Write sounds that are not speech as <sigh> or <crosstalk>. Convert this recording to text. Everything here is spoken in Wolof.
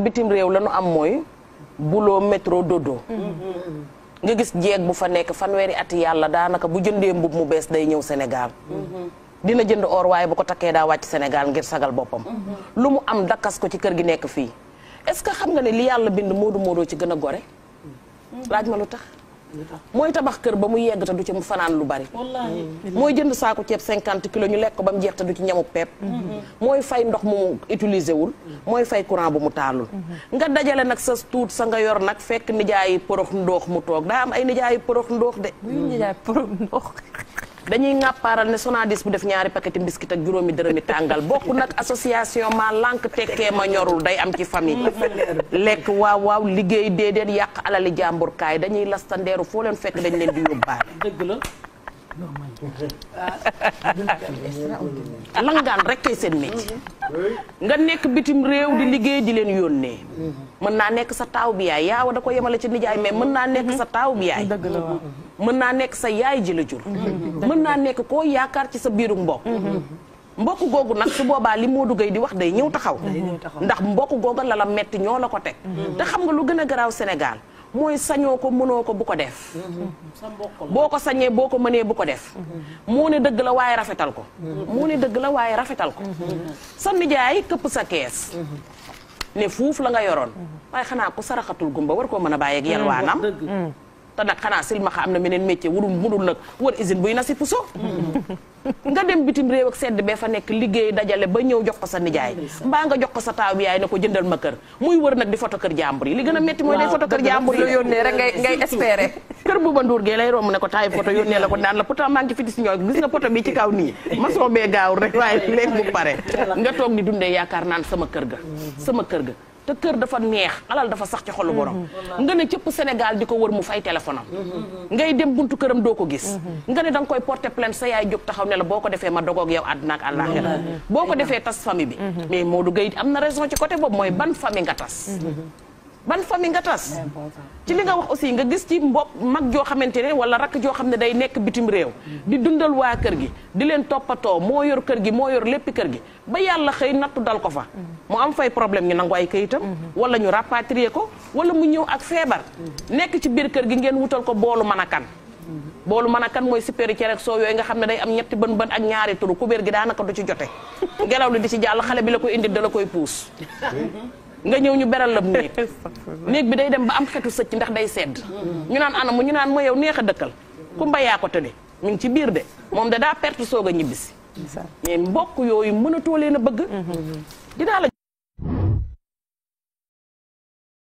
bitim réew la ñu am mooy boulot métro dodo. nga gis jeeg bu fa nekk fanweeri at yàlla daanaka bu jëndee mbub mu bees day ñëw Sénégal. dina jënd or waaye bu ko takkee daa wàcc senegal ngir sagal boppam. lu mu am dakkas ko ci kër gi nekk fii est-ce que xam nga ne li yàlla bind moodu moodoo ci gën a gore. laaj ma lu tax. mooy tabax kër ba mu yegg te du ci mu fanaan lu bari mm. mooy jënd saako ceeb cinquante kilos ñu lekk ko ba mu jeex te du ci ñamuk pepp mm-hmm. mooy fay ndox mu mu utiliser wul mm-hmm. mooy fay courant bu mu taalul mm-hmm. nga dajale nag sa tuut sa nga yor nag fekk nijaayi porox ndox mu toog daa am ay nijaayi porox ndoox de dañuy ŋàppaaral ne Sonadis bu def ñaari paquet biscuit ak juróomi dërëmi tàngal bokk nag association ma lànk tekkee ma ñorul day am ci famille lekk waaw waaw liggéey déedéet yàq alali jàmbur kaay dañuy lastandeeru foo leen fekk dañ leen di yóbbaale dëgg la langaan seen métier nga nekk bitim réew di liggéey di leen yónnee. mën naa nekk sa taaw bi yaay yaawa da ko yemale ci nijaay mais mën naa nekk sa taaw bi yaay. dëgg la mën naa nekk sa yaay ji la jur. mën naa nekk koo yaakaar ci sa biiru mbokk. mbokk googu nag su boobaa li Modou duggee di wax day ñëw taxaw. ndax mbokk googu la la metti ñoo la ko teg. te xam nga lu gën a garaaw Sénégal. mooy sañoo ko mënoo ko bu ko def mm-hmm. boo ko sañee boo ko mënee bu ko def mm-hmm. moo ne dëgg la waaye rafetal ko mm-hmm. moo ne dëgg la waaye rafetal ko sa nijaay këpp sa kees ne fuuf la nga yoroon waaye xanaa ku saraxatul gumba war koo mën a bàyyeeg yelwaanam te nag xanaa silmaxa am na meneen métier wurul mudul nag wër usine buy na si puso nga dem bitim réew ak sedd be fa nekk liggéey dajale ba ñëw jox ko sa nijaay mbaa nga jox ko sa taaw bi yaay ne ko jëndal ma kër muy wër nag di photo kër jàmbur yi li gën a métti mooy day foto kër jàmbur yi yónnee rek ngay ngay <laughs> espérer kër bu ba nduur gee lay rom ne ko taay foto yónnee la ko naan la pourtant ma ngi fi di si gis nga poto bi ci kaw nii ma soobee gaawul rek waaye léegi bu pare <laughs> nga toog di dundee yaakaar naan sama kër ga sama kër ga te kër dafa neex alal dafa sax ci xolu borom mm-hmm. nga ne cëpp Sénégal di ko wër mu fay téléphone mm-hmm. ngay dem buntu këram doo ko gis mm-hmm. nga ne danga koy porter plainte sa yaay jóg taxaw ne la boo ko defee ma dogoog yow àddina ak àllaaxira boo ko defee tas famille bi mais moo Modou Gueye am na raison ci côté boobu mooy ban fami nga tas ban famille nga tas ci li nga wax aussi nga gis ci mbopp mag joo xamante ne wala rakk joo xam ne day nekk bitim réew di dundal waa kër gi di leen toppatoo moo yor kër gi moo yor lépp kër gi ba yàlla xëy nattu dal ko fa mu am fay problème ñu nangu ay kayitam wala ñu rapatrier ko wala mu ñëw ak feebar nekk ci biir kër gi ngeen wutal ko boolu mën a kan boolu mën a kan mooy supéri cere ak soo yooyu nga xam ne day am ñetti bën bën ak ñaari turu kubéer gi daanaka du ci jote ngelaw li di ci jàll xale bi la koy indi da koy puus nga ñëw ñu beral la néeg <laughs> néeg bi day dem ba am xetu sëcc ndax day sedd ñu naan ana mu ñu naan ma yow neex a dëkkal ku mbayaa ko tële mi ngi ci biir de moom da daa perte soog a ñibbisi mais mbokk yooyu mënatoo leen a bëgg mm-hmm. dinaa la